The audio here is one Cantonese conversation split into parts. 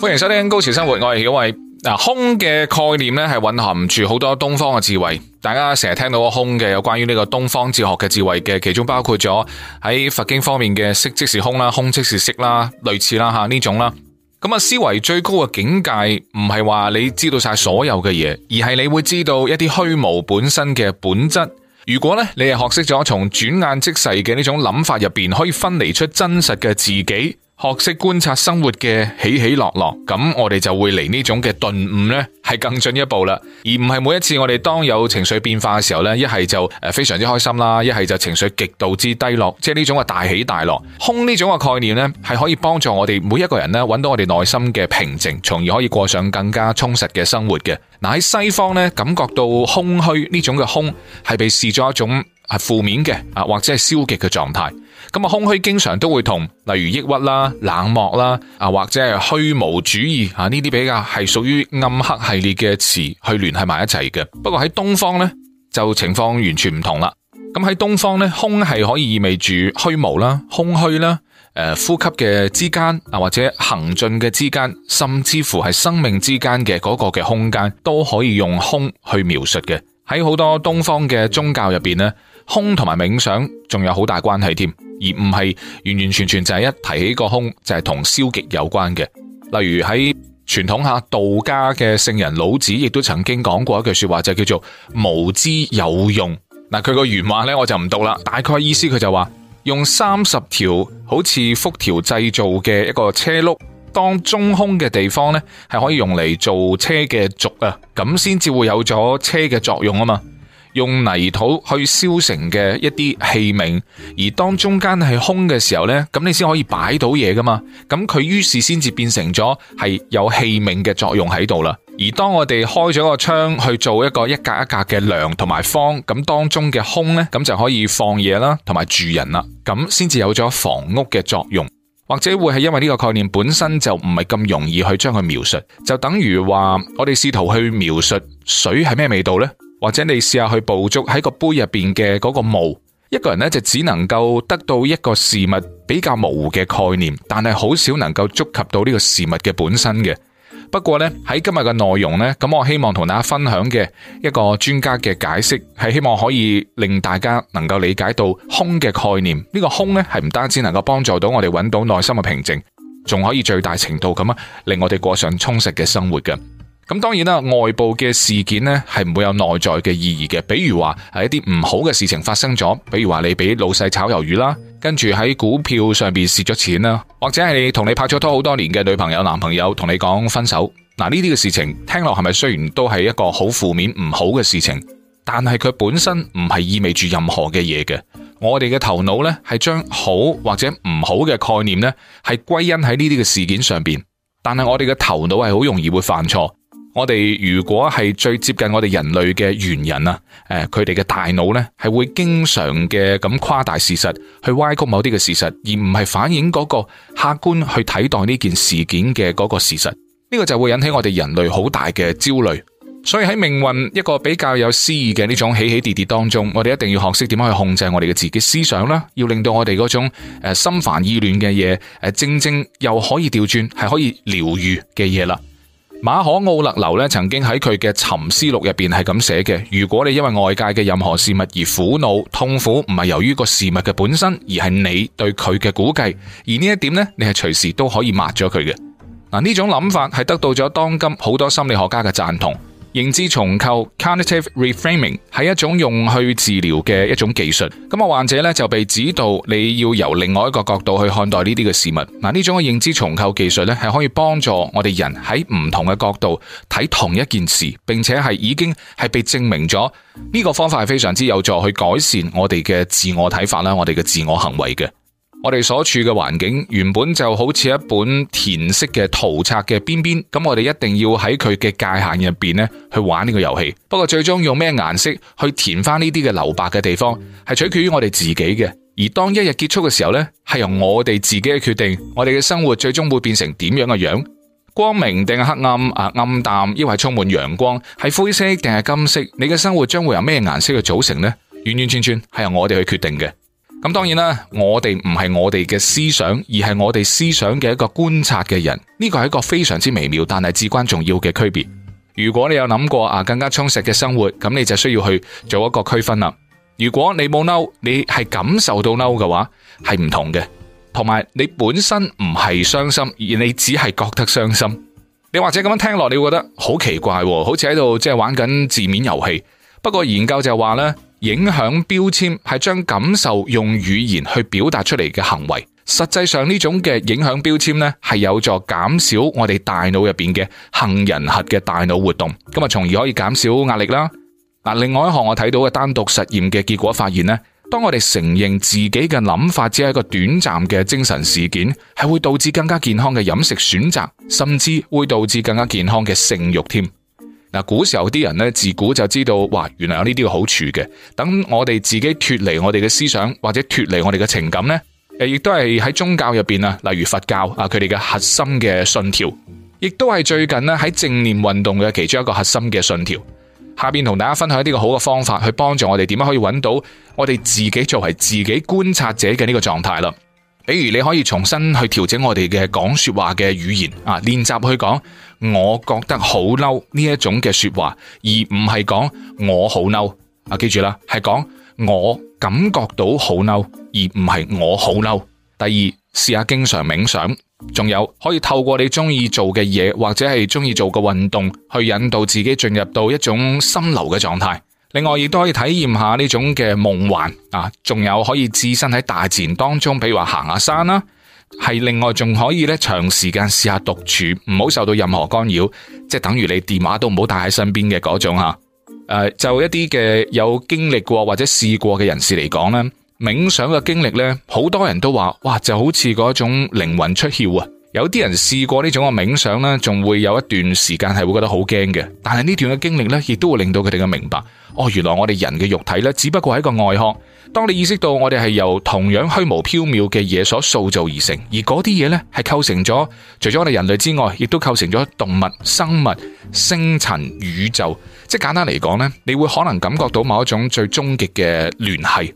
歡迎收聽高潮生活，我係曉慧啊。空嘅概念咧係蘊含唔住好多東方嘅智慧，大家成日聽到個空嘅有關於呢個東方哲學嘅智慧嘅，其中包括咗喺佛經方面嘅色即是空啦，空即是色啦，類似啦吓呢種啦。咁啊思維最高嘅境界唔係話你知道晒所有嘅嘢，而係你會知道一啲虛無本身嘅本質。如果咧你係學識咗從轉眼即逝嘅呢種諗法入邊，可以分離出真實嘅自己。學識觀察生活嘅起起落落，咁我哋就會嚟呢種嘅頓悟呢係更進一步啦，而唔係每一次我哋當有情緒變化嘅時候呢，一係就誒非常之開心啦，一係就情緒極度之低落，即係呢種嘅大起大落。空呢種嘅概念呢係可以幫助我哋每一個人呢揾到我哋內心嘅平靜，從而可以過上更加充實嘅生活嘅。嗱喺西方呢，感覺到空虛呢種嘅空，係被視作一種。係負面嘅啊，或者係消極嘅狀態。咁啊，空虛經常都會同，例如抑鬱啦、冷漠啦，啊或者係虛無主義啊呢啲比較係屬於暗黑系列嘅詞去聯繫埋一齊嘅。不過喺東方呢，就情況完全唔同啦。咁喺東方呢，空係可以意味住虛無啦、空虛啦，誒、呃、呼吸嘅之間啊，或者行進嘅之間，甚至乎係生命之間嘅嗰個嘅空間，都可以用空去描述嘅。喺好多東方嘅宗教入邊呢。空同埋冥想仲有好大關係添，而唔係完完全全就係一提起個空就係、是、同消極有關嘅。例如喺傳統下道家嘅聖人老子，亦都曾經講過一句說話，就叫做無之有用。嗱，佢個原話咧我就唔讀啦，大概意思佢就話用三十條好似輻條製造嘅一個車轆當中空嘅地方咧，係可以用嚟做車嘅軸啊，咁先至會有咗車嘅作用啊嘛。用泥土去燒成嘅一啲器皿，而當中間係空嘅時候呢，咁你先可以擺到嘢噶嘛？咁佢於是先至變成咗係有器皿嘅作用喺度啦。而當我哋開咗個窗去做一個一格一格嘅梁同埋方，咁當中嘅空呢，咁就可以放嘢啦，同埋住人啦，咁先至有咗房屋嘅作用。或者會係因為呢個概念本身就唔係咁容易去將佢描述，就等於話我哋試圖去描述水係咩味道呢。或者你試下去捕捉喺個杯入邊嘅嗰個霧，一個人呢就只能夠得到一個事物比較模糊嘅概念，但係好少能夠觸及到呢個事物嘅本身嘅。不過呢，喺今日嘅內容呢，咁我希望同大家分享嘅一個專家嘅解釋，係希望可以令大家能夠理解到空嘅概念。呢個空呢，係唔單止能夠幫助到我哋揾到內心嘅平靜，仲可以最大程度咁樣令我哋過上充實嘅生活嘅。咁當然啦，外部嘅事件呢係唔會有內在嘅意義嘅。比如話係一啲唔好嘅事情發生咗，比如話你俾老細炒魷魚啦，跟住喺股票上邊蝕咗錢啦，或者係同你拍咗拖好多年嘅女朋友、男朋友同你講分手嗱，呢啲嘅事情聽落係咪雖然都係一個好負面、唔好嘅事情，但係佢本身唔係意味住任何嘅嘢嘅。我哋嘅頭腦呢係將好或者唔好嘅概念呢係歸因喺呢啲嘅事件上邊，但係我哋嘅頭腦係好容易會犯錯。我哋如果係最接近我哋人類嘅猿人啊，誒，佢哋嘅大腦咧係會經常嘅咁誇大事實，去歪曲某啲嘅事實，而唔係反映嗰個客觀去睇待呢件事件嘅嗰個事實。呢個就會引起我哋人類好大嘅焦慮。所以喺命運一個比較有詩意嘅呢種起起跌跌當中，我哋一定要學識點樣去控制我哋嘅自己思想啦，要令到我哋嗰種誒心煩意亂嘅嘢，誒正正又可以調轉係可以療愈嘅嘢啦。馬可奧勒留曾經喺佢嘅《沉思錄》入邊係咁寫嘅：如果你因為外界嘅任何事物而苦惱痛苦，唔係由於個事物嘅本身，而係你對佢嘅估計。而呢一點呢，你係隨時都可以抹咗佢嘅。嗱，呢種諗法係得到咗當今好多心理學家嘅贊同。認知重構 （cognitive reframing） 係一種用去治療嘅一種技術，咁啊患者咧就被指導，你要由另外一個角度去看待呢啲嘅事物。嗱，呢種嘅認知重構技術咧係可以幫助我哋人喺唔同嘅角度睇同一件事，並且係已經係被證明咗呢個方法係非常之有助去改善我哋嘅自我睇法啦，我哋嘅自我行為嘅。我哋所處嘅環境原本就好似一本填色嘅圖冊嘅邊邊，咁我哋一定要喺佢嘅界限入邊咧去玩呢個遊戲。不過最終用咩顏色去填翻呢啲嘅留白嘅地方，係取決於我哋自己嘅。而當一日結束嘅時候咧，係由我哋自己嘅決定，我哋嘅生活最終會變成點樣嘅樣？光明定係黑暗？啊，暗淡，抑或係充滿陽光？係灰色定係金色？你嘅生活將會由咩顏色去組成咧？完完全全係由我哋去決定嘅。咁當然啦，我哋唔係我哋嘅思想，而係我哋思想嘅一個觀察嘅人。呢個係一個非常之微妙但係至關重要嘅區別。如果你有諗過啊，更加充實嘅生活，咁你就需要去做一個區分啦。如果你冇嬲，你係感受到嬲嘅話，係唔同嘅。同埋你本身唔係傷心，而你只係覺得傷心。你或者咁樣聽落，你會覺得好奇怪，好似喺度即係玩緊字面遊戲。不過研究就係話咧。影響標籤係將感受用語言去表達出嚟嘅行為，實際上呢種嘅影響標籤呢係有助減少我哋大腦入邊嘅杏仁核嘅大腦活動，咁啊從而可以減少壓力啦。嗱，另外一項我睇到嘅單獨實驗嘅結果發現呢，當我哋承認自己嘅諗法只係一個短暫嘅精神事件，係會導致更加健康嘅飲食選擇，甚至會導致更加健康嘅性慾添。嗱，古時候啲人咧，自古就知道，哇，原來有呢啲嘅好處嘅。等我哋自己脫離我哋嘅思想，或者脫離我哋嘅情感咧，誒，亦都係喺宗教入邊啊，例如佛教啊，佢哋嘅核心嘅信條，亦都係最近咧喺正念運動嘅其中一個核心嘅信條。下邊同大家分享一啲嘅好嘅方法，去幫助我哋點樣可以揾到我哋自己作為自己觀察者嘅呢個狀態啦。比如你可以重新去調整我哋嘅講說話嘅語言啊，練習去講我覺得好嬲呢一種嘅說話，而唔係講我好嬲啊。記住啦，係講我感覺到好嬲，而唔係我好嬲。第二，試下經常冥想，仲有可以透過你鍾意做嘅嘢或者係鍾意做嘅運動去引導自己進入到一種心流嘅狀態。另外亦都可以體驗下呢種嘅夢幻啊，仲有可以置身喺大自然當中，比如話行下山啦，係、啊、另外仲可以咧長時間試下獨處，唔好受到任何干擾，即係等於你電話都唔好帶喺身邊嘅嗰種吓。誒、啊，就一啲嘅有經歷過或者試過嘅人士嚟講咧，冥想嘅經歷咧，好多人都話，哇，就好似嗰種靈魂出竅啊！有啲人試過呢種嘅冥想呢，仲會有一段時間係會覺得好驚嘅。但係呢段嘅經歷呢，亦都會令到佢哋嘅明白，哦，原來我哋人嘅肉體呢，只不過係一個外殼。當你意識到我哋係由同樣虛無縹緲嘅嘢所塑造而成，而嗰啲嘢呢，係構成咗除咗我哋人類之外，亦都構成咗動物、生物、星塵、宇宙。即係簡單嚟講呢，你會可能感覺到某一種最終極嘅聯繫。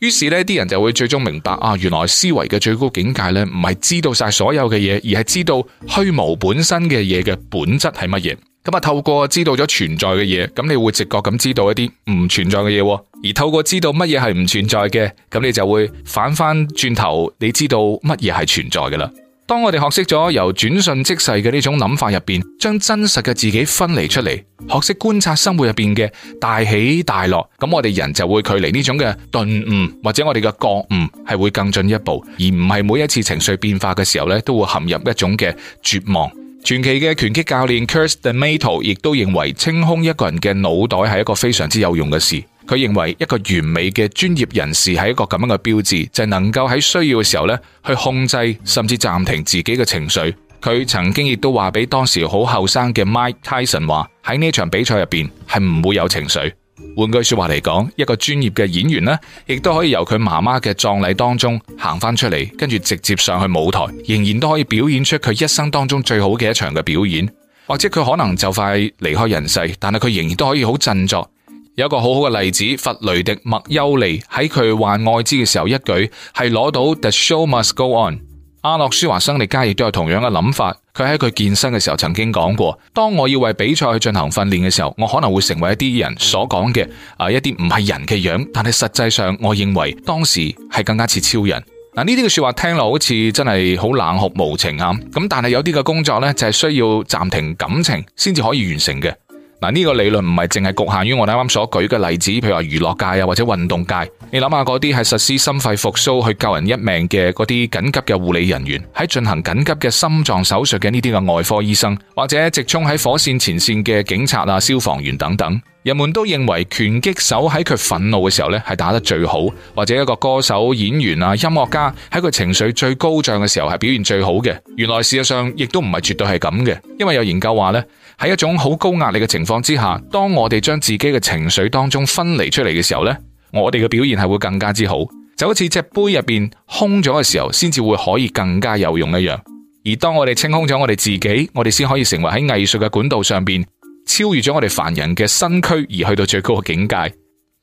於是呢啲人就會最終明白啊，原來思維嘅最高境界咧，唔係知道晒所有嘅嘢，而係知道虛無本身嘅嘢嘅本質係乜嘢。咁啊，透過知道咗存在嘅嘢，咁你會直覺咁知道一啲唔存在嘅嘢。而透過知道乜嘢係唔存在嘅，咁你就會反翻轉頭，你知道乜嘢係存在嘅啦。當我哋學識咗由轉瞬即逝嘅呢種諗法入邊，將真實嘅自己分離出嚟，學識觀察生活入邊嘅大起大落，咁我哋人就會距離呢種嘅頓悟或者我哋嘅覺悟係會更進一步，而唔係每一次情緒變化嘅時候咧，都會陷入一種嘅絕望。傳奇嘅拳擊教練 Cus D'Amato 亦都認為清空一個人嘅腦袋係一個非常之有用嘅事。佢認為一個完美嘅專業人士係一個咁樣嘅標誌，就係能夠喺需要嘅時候呢去控制甚至暫停自己嘅情緒。佢曾經亦都話俾當時好後生嘅 Mike Tyson 話喺呢場比賽入邊係唔會有情緒。換句說話嚟講，一個專業嘅演員呢，亦都可以由佢媽媽嘅葬禮當中行翻出嚟，跟住直接上去舞台，仍然都可以表演出佢一生當中最好嘅一場嘅表演。或者佢可能就快離開人世，但係佢仍然都可以好振作。有一個好好嘅例子，弗雷迪麥優利喺佢患艾滋嘅時候，一舉係攞到 The Show Must Go On。阿諾舒華生力加亦都有同樣嘅諗法，佢喺佢健身嘅時候曾經講過：當我要為比賽去進行訓練嘅時候，我可能會成為一啲人所講嘅啊一啲唔係人嘅樣，但係實際上我認為當時係更加似超人。嗱，呢啲嘅說話聽落好似真係好冷酷無情啊！咁但係有啲嘅工作呢，就係需要暫停感情先至可以完成嘅。嗱呢個理論唔係淨係局限於我哋啱啱所舉嘅例子，譬如話娛樂界啊或者運動界，你諗下嗰啲係實施心肺復甦去救人一命嘅嗰啲緊急嘅護理人員，喺進行緊急嘅心臟手術嘅呢啲嘅外科醫生，或者直衝喺火線前線嘅警察啊、消防員等等，人們都認為拳擊手喺佢憤怒嘅時候咧係打得最好，或者一個歌手、演員啊、音樂家喺佢情緒最高漲嘅時候係表現最好嘅。原來事實上亦都唔係絕對係咁嘅，因為有研究話咧。喺一種好高壓力嘅情況之下，當我哋將自己嘅情緒當中分離出嚟嘅時候呢，我哋嘅表現係會更加之好。就好似隻杯入邊空咗嘅時候，先至會可以更加有用一樣。而當我哋清空咗我哋自己，我哋先可以成為喺藝術嘅管道上邊超越咗我哋凡人嘅身軀，而去到最高嘅境界。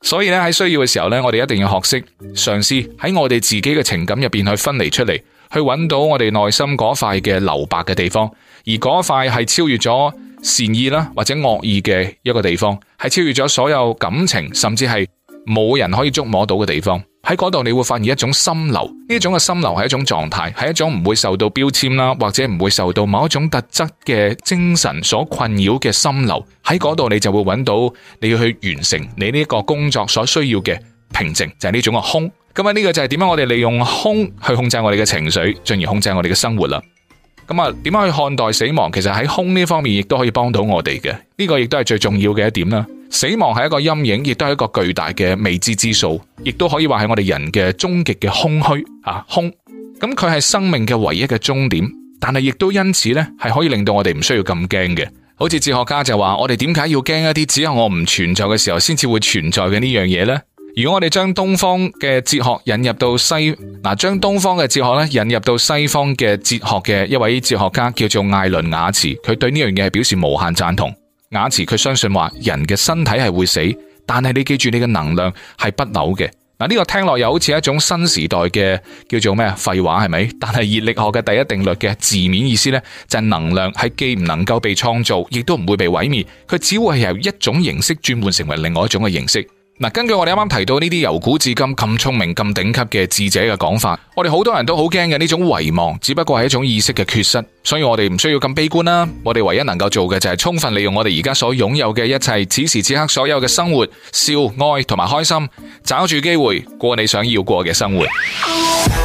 所以咧喺需要嘅時候呢，我哋一定要學識嘗試喺我哋自己嘅情感入邊去分離出嚟，去揾到我哋內心嗰塊嘅留白嘅地方，而嗰塊係超越咗。善意啦，或者惡意嘅一個地方，係超越咗所有感情，甚至係冇人可以捉摸到嘅地方。喺嗰度你會發現一種心流，呢種嘅心流係一種狀態，係一種唔會受到標籤啦，或者唔會受到某一種特質嘅精神所困擾嘅心流。喺嗰度你就會揾到你要去完成你呢個工作所需要嘅平靜，就係呢種嘅空。咁啊，呢個就係點樣我哋利用空去控制我哋嘅情緒，進而控制我哋嘅生活啦。咁啊，點樣去看待死亡？其實喺空呢方面，亦都可以幫到我哋嘅。呢個亦都係最重要嘅一點啦。死亡係一個陰影，亦都係一個巨大嘅未知之數，亦都可以話係我哋人嘅終極嘅空虛啊，空。咁佢係生命嘅唯一嘅終點，但係亦都因此呢係可以令到我哋唔需要咁驚嘅。好似哲學家就話：我哋點解要驚一啲只有我唔存在嘅時候先至會存在嘅呢樣嘢呢？如果我哋將東方嘅哲學引入到西，將東方嘅哲學引入到西方嘅哲學嘅一位哲學家叫做艾倫雅慈，佢對呢樣嘢係表示無限贊同。雅慈佢相信話人嘅身體係會死，但係你記住你嘅能量係不朽嘅。嗱、這、呢個聽落又好似一種新時代嘅叫做咩廢話係咪？但係熱力學嘅第一定律嘅字面意思呢，就係能量係既唔能夠被創造，亦都唔會被毀滅，佢只會係由一種形式轉換成為另外一種嘅形式。根據我哋啱啱提到呢啲由古至今咁聰明、咁頂級嘅智者嘅講法，我哋好多人都好驚嘅呢種遺忘，只不過係一種意識嘅缺失，所以我哋唔需要咁悲觀啦。我哋唯一能夠做嘅就係充分利用我哋而家所擁有嘅一切，此時此刻所有嘅生活、笑、愛同埋開心，找住機會過你想要過嘅生活。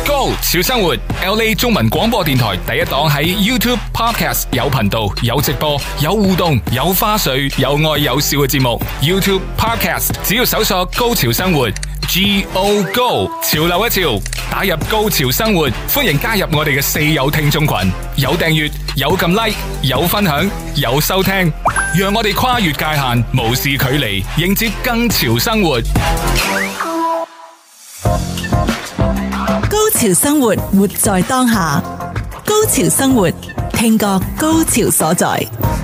Go 潮生活，LA 中文廣播電台第一檔喺 YouTube Podcast 有頻道、有直播、有互動、有花絮、有愛有笑嘅節目。YouTube Podcast 只要手。搜索高潮生活，G O GO，潮流一潮，打入高潮生活，歡迎加入我哋嘅四友聽眾群，有訂閱，有撳 like，有分享，有收聽，讓我哋跨越界限，無視距離，迎接更潮生活。高潮生活，活在當下；高潮生活，聽覺高潮所在。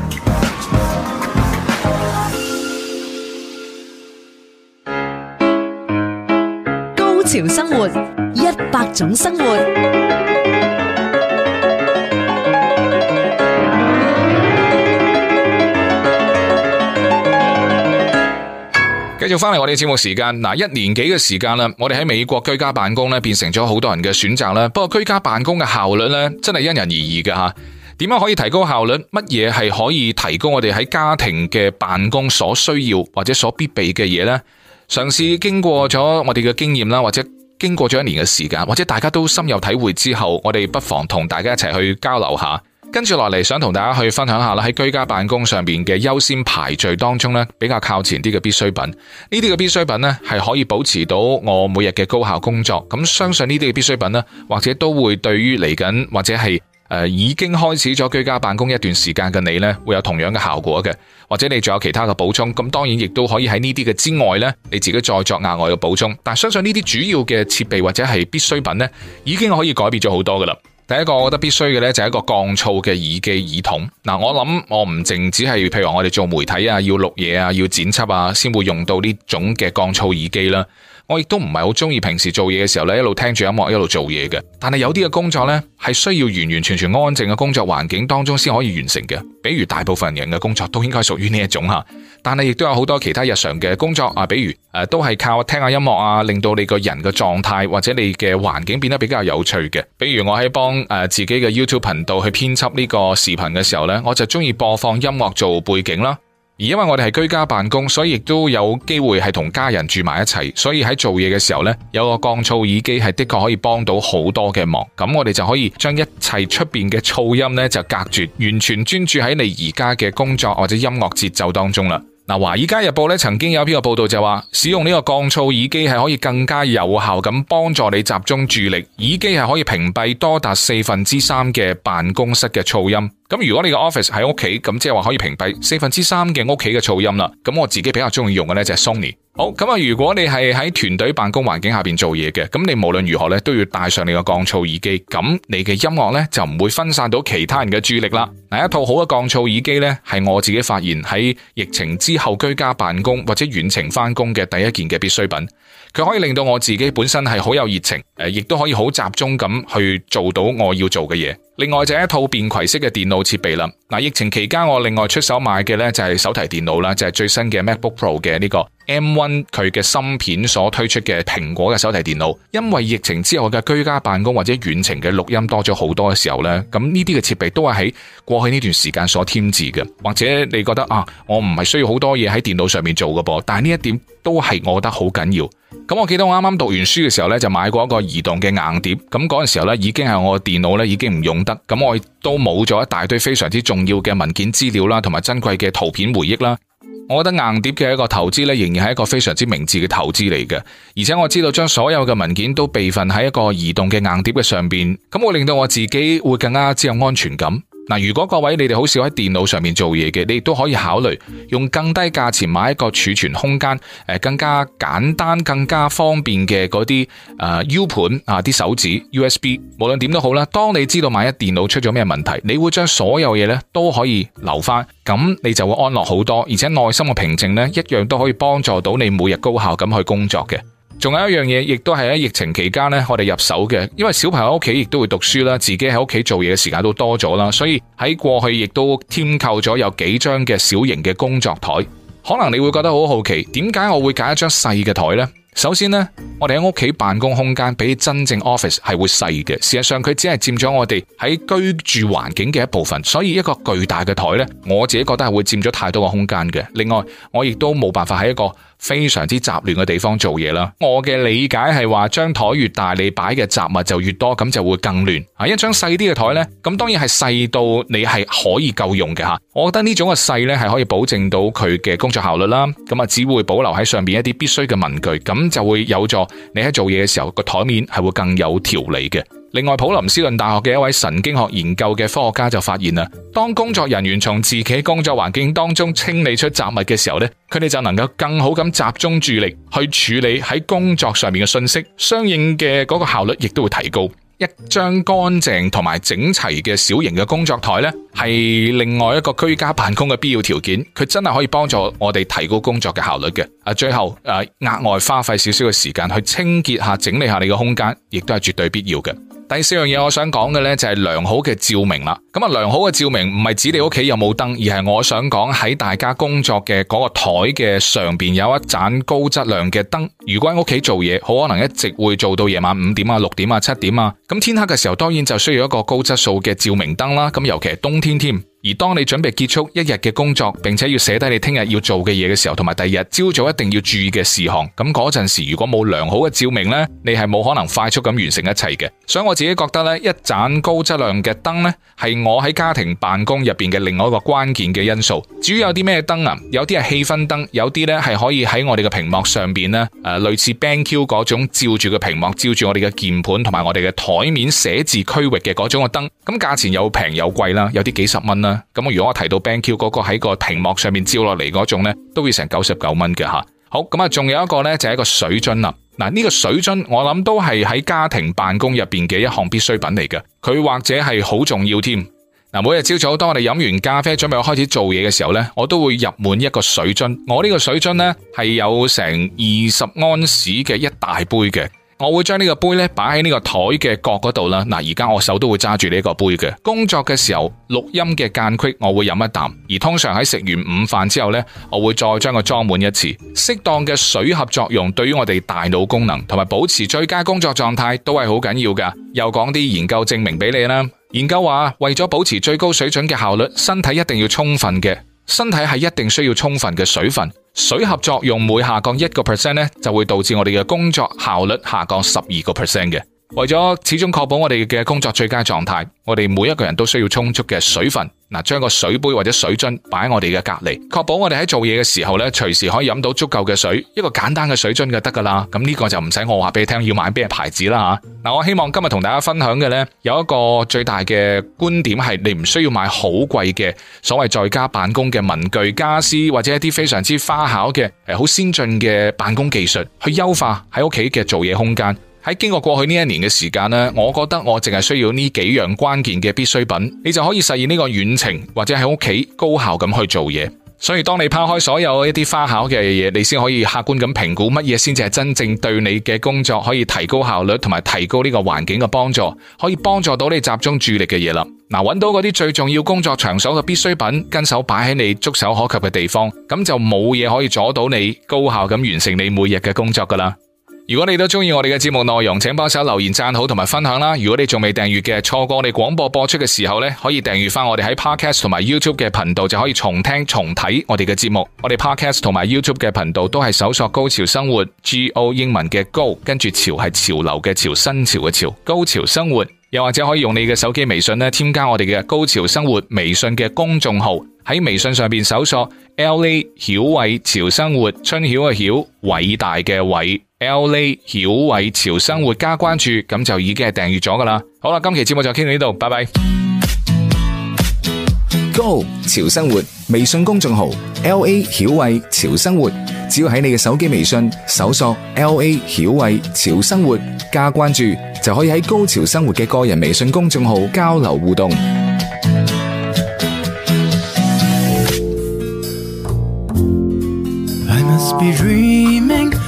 生活，一百種生活。繼續翻嚟我哋節目時間，嗱，一年幾嘅時間啦，我哋喺美國居家辦公咧，變成咗好多人嘅選擇啦。不過居家辦公嘅效率咧，真係因人而異嘅吓。點樣可以提高效率？乜嘢係可以提高我哋喺家庭嘅辦公所需要或者所必備嘅嘢呢？嘗試經過咗我哋嘅經驗啦，或者經過咗一年嘅時間，或者大家都深有體會之後，我哋不妨同大家一齊去交流下。跟住落嚟，想同大家去分享下啦，喺居家辦公上面嘅優先排序當中咧，比較靠前啲嘅必需品。呢啲嘅必需品咧，係可以保持到我每日嘅高效工作。咁相信呢啲嘅必需品咧，或者都會對於嚟緊或者係。誒，已經開始咗居家辦公一段時間嘅你呢，會有同樣嘅效果嘅，或者你仲有其他嘅補充，咁當然亦都可以喺呢啲嘅之外呢，你自己再作額外嘅補充。但相信呢啲主要嘅設備或者係必需品呢，已經可以改變咗好多噶啦。第一個我覺得必須嘅呢，就係一個降噪嘅耳機耳筒。嗱，我諗我唔淨只係譬如話我哋做媒體啊，要錄嘢啊，要剪輯啊，先會用到呢種嘅降噪耳機啦。我亦都唔係好中意，平時做嘢嘅時候咧，一路聽住音樂一路做嘢嘅。但係有啲嘅工作咧，係需要完完全全安靜嘅工作環境當中先可以完成嘅。比如大部分人嘅工作都應該屬於呢一種吓。但係亦都有好多其他日常嘅工作啊，比如誒都係靠聽下音樂啊，令到你個人嘅狀態或者你嘅環境變得比較有趣嘅。比如我喺幫誒自己嘅 YouTube 頻道去編輯呢個視頻嘅時候咧，我就中意播放音樂做背景啦。而因為我哋係居家辦公，所以亦都有機會係同家人住埋一齊，所以喺做嘢嘅時候呢，有個降噪耳機係的確可以幫到好多嘅忙。咁我哋就可以將一切出面嘅噪音呢，就隔絕，完全專注喺你而家嘅工作或者音樂節奏當中啦。嗱，《華爾街日報》咧曾經有一篇嘅報道就話，使用呢個降噪耳機係可以更加有效咁幫助你集中注意力，耳機係可以屏蔽多達四分之三嘅辦公室嘅噪音。咁如果你嘅 office 喺屋企，咁即係話可以屏蔽四分之三嘅屋企嘅噪音啦。咁我自己比較中意用嘅咧就係 Sony。好咁啊！如果你係喺團隊辦公環境下邊做嘢嘅，咁你無論如何咧，都要戴上你個降噪耳機。咁你嘅音樂咧，就唔會分散到其他人嘅注意力啦。嗱，一套好嘅降噪耳機咧，係我自己發現喺疫情之後居家辦公或者遠程返工嘅第一件嘅必需品。佢可以令到我自己本身係好有熱情，誒，亦都可以好集中咁去做到我要做嘅嘢。另外就係一套便携式嘅電腦設備啦。嗱，疫情期間我另外出手買嘅咧，就係手提電腦啦，就係最新嘅 MacBook Pro 嘅呢個 M1 佢嘅芯片所推出嘅蘋果嘅手提電腦。因為疫情之後嘅居家辦公或者遠程嘅錄音多咗好多嘅時候咧，咁呢啲嘅設備都係喺過去呢段時間所添置嘅，或者你覺得啊，我唔係需要好多嘢喺電腦上面做嘅噃，但係呢一點都係我覺得好緊要。咁我記得我啱啱讀完書嘅時候咧，就買過一個移動嘅硬碟。咁嗰陣時候咧，已經係我電腦咧已經唔用得，咁我都冇咗一大堆非常之重要嘅文件資料啦，同埋珍貴嘅圖片回憶啦。我覺得硬碟嘅一個投資咧，仍然係一個非常之明智嘅投資嚟嘅。而且我知道將所有嘅文件都備份喺一個移動嘅硬碟嘅上邊，咁會令到我自己會更加之有安全感。嗱，如果各位你哋好少喺電腦上面做嘢嘅，你亦都可以考慮用更低價錢買一個儲存空間，誒，更加簡單、更加方便嘅嗰啲誒 U 盤啊，啲手指 USB，無論點都好啦。當你知道萬一電腦出咗咩問題，你會將所有嘢咧都可以留返，咁你就會安樂好多，而且內心嘅平靜咧，一樣都可以幫助到你每日高效咁去工作嘅。仲有一樣嘢，亦都係喺疫情期間呢，我哋入手嘅，因為小朋友屋企亦都會讀書啦，自己喺屋企做嘢嘅時間都多咗啦，所以喺過去亦都添購咗有幾張嘅小型嘅工作台。可能你會覺得好好奇，點解我會揀一張細嘅台呢？首先呢，我哋喺屋企辦公空間比真正 office 係會細嘅，事實上佢只係佔咗我哋喺居住環境嘅一部分，所以一個巨大嘅台呢，我自己覺得係會佔咗太多嘅空間嘅。另外，我亦都冇辦法喺一個。非常之雜亂嘅地方做嘢啦，我嘅理解係話，張台越大，你擺嘅雜物就越多，咁就會更亂啊。一張細啲嘅台呢，咁當然係細到你係可以夠用嘅吓。我覺得呢種嘅細呢係可以保證到佢嘅工作效率啦。咁啊，只會保留喺上面一啲必須嘅文具，咁就會有助你喺做嘢嘅時候，個台面係會更有條理嘅。另外，普林斯頓大學嘅一位神經學研究嘅科學家就發現啦，當工作人員從自己工作環境當中清理出雜物嘅時候呢，佢哋就能夠更好咁集中注意力去處理喺工作上面嘅信息，相應嘅嗰個效率亦都會提高。一張乾淨同埋整齊嘅小型嘅工作台呢，係另外一個居家辦公嘅必要條件，佢真係可以幫助我哋提高工作嘅效率嘅。啊，最後誒，呃，額外花費少少嘅時間去清潔下，整理下你嘅空間，亦都係絕對必要嘅。第四樣嘢我想講嘅咧就係良好嘅照明啦，咁啊良好嘅照明唔係指你屋企有冇燈，而係我想講喺大家工作嘅嗰個台嘅上面有一盞高質量嘅燈。如果喺屋企做嘢，好可能一直會做到夜晚五點啊、六點啊、七點啊，咁天黑嘅時候當然就需要一個高質素嘅照明燈啦。咁尤其係冬天添。而當你準備結束一日嘅工作，並且要寫低你聽日要做嘅嘢嘅時候，同埋第二日朝早一定要注意嘅事項，咁嗰陣時如果冇良好嘅照明呢，你係冇可能快速咁完成一切嘅。所以我自己覺得呢，一盞高質量嘅燈呢，係我喺家庭辦公入邊嘅另外一個關鍵嘅因素。至於有啲咩燈啊？有啲係氣氛燈，有啲呢係可以喺我哋嘅屏幕上邊呢，誒、呃、類似 BenQ 嗰種照住個屏幕，照住我哋嘅鍵盤同埋我哋嘅台面寫字區域嘅嗰種嘅燈。咁價錢有平有貴啦，有啲幾十蚊啦。咁如果我提到 BenQ 嗰個喺個屏幕上面照落嚟嗰種呢，都要成九十九蚊嘅吓。好，咁啊，仲有一個呢，就係一個水樽啦。嗱，呢個水樽我諗都係喺家庭辦公入邊嘅一項必需品嚟嘅。佢或者係好重要添。嗱，每日朝早當我哋飲完咖啡，準備開始做嘢嘅時候呢，我都會入滿一個水樽。我呢個水樽呢，係有成二十安士嘅一大杯嘅。我會將呢個杯咧擺喺呢個枱嘅角嗰度啦。嗱，而家我手都會揸住呢個杯嘅。工作嘅時候，錄音嘅間隙我會飲一啖。而通常喺食完午飯之後呢，我會再將佢裝滿一次。適當嘅水合作用對於我哋大腦功能同埋保持最佳工作狀態都係好緊要㗎。又講啲研究證明俾你啦。研究話，為咗保持最高水準嘅效率，身體一定要充分嘅，身體係一定需要充分嘅水分。水合作用每下降一個 percent 咧，就會導致我哋嘅工作效率下降十二個 percent 嘅。為咗始終確保我哋嘅工作最佳狀態，我哋每一個人都需要充足嘅水分。嗱，將個水杯或者水樽擺喺我哋嘅隔籬，確保我哋喺做嘢嘅時候咧，隨時可以飲到足夠嘅水。一個簡單嘅水樽就得噶啦。咁、這、呢個就唔使我話俾你聽要買咩牌子啦吓。嗱，我希望今日同大家分享嘅咧，有一個最大嘅觀點係，你唔需要買好貴嘅所謂在家辦公嘅文具、家具、家私或者一啲非常之花巧嘅誒，好先進嘅辦公技術去優化喺屋企嘅做嘢空間。喺經過過去呢一年嘅時間呢，我覺得我淨係需要呢幾樣關鍵嘅必需品，你就可以實現呢個遠程或者喺屋企高效咁去做嘢。所以當你拋開所有一啲花巧嘅嘢，你先可以客觀咁評估乜嘢先至係真正對你嘅工作可以提高效率，同埋提高呢個環境嘅幫助，可以幫助到你集中注意力嘅嘢啦。嗱，揾到嗰啲最重要工作場所嘅必需品，跟手擺喺你觸手可及嘅地方，咁就冇嘢可以阻到你高效咁完成你每日嘅工作噶啦。如果你都中意我哋嘅節目內容，請幫手留言讚好同埋分享啦。如果你仲未訂閱嘅，錯過我哋廣播播出嘅時候呢，可以訂閱返我哋喺 Podcast 同埋 YouTube 嘅頻道，就可以重聽重睇我哋嘅節目。我哋 Podcast 同埋 YouTube 嘅頻道都係搜索“高潮生活 ”，G O 英文嘅高，跟住潮係潮流嘅潮，新潮嘅潮，高潮生活。又或者可以用你嘅手機微信咧，添加我哋嘅“高潮生活”微信嘅公眾號，喺微信上面搜索 “L A 曉偉潮生活”，春曉嘅曉偉大嘅偉。L A 曉慧潮生活加關注，咁就已經係訂閱咗噶啦。好啦，今期節目就傾到呢度，拜拜。Go 潮生活微信公眾號 L A 曉慧潮生活，只要喺你嘅手機微信搜索 L A 曉慧潮生活加關注，就可以喺高潮生活嘅個人微信公眾號交流互動。I must be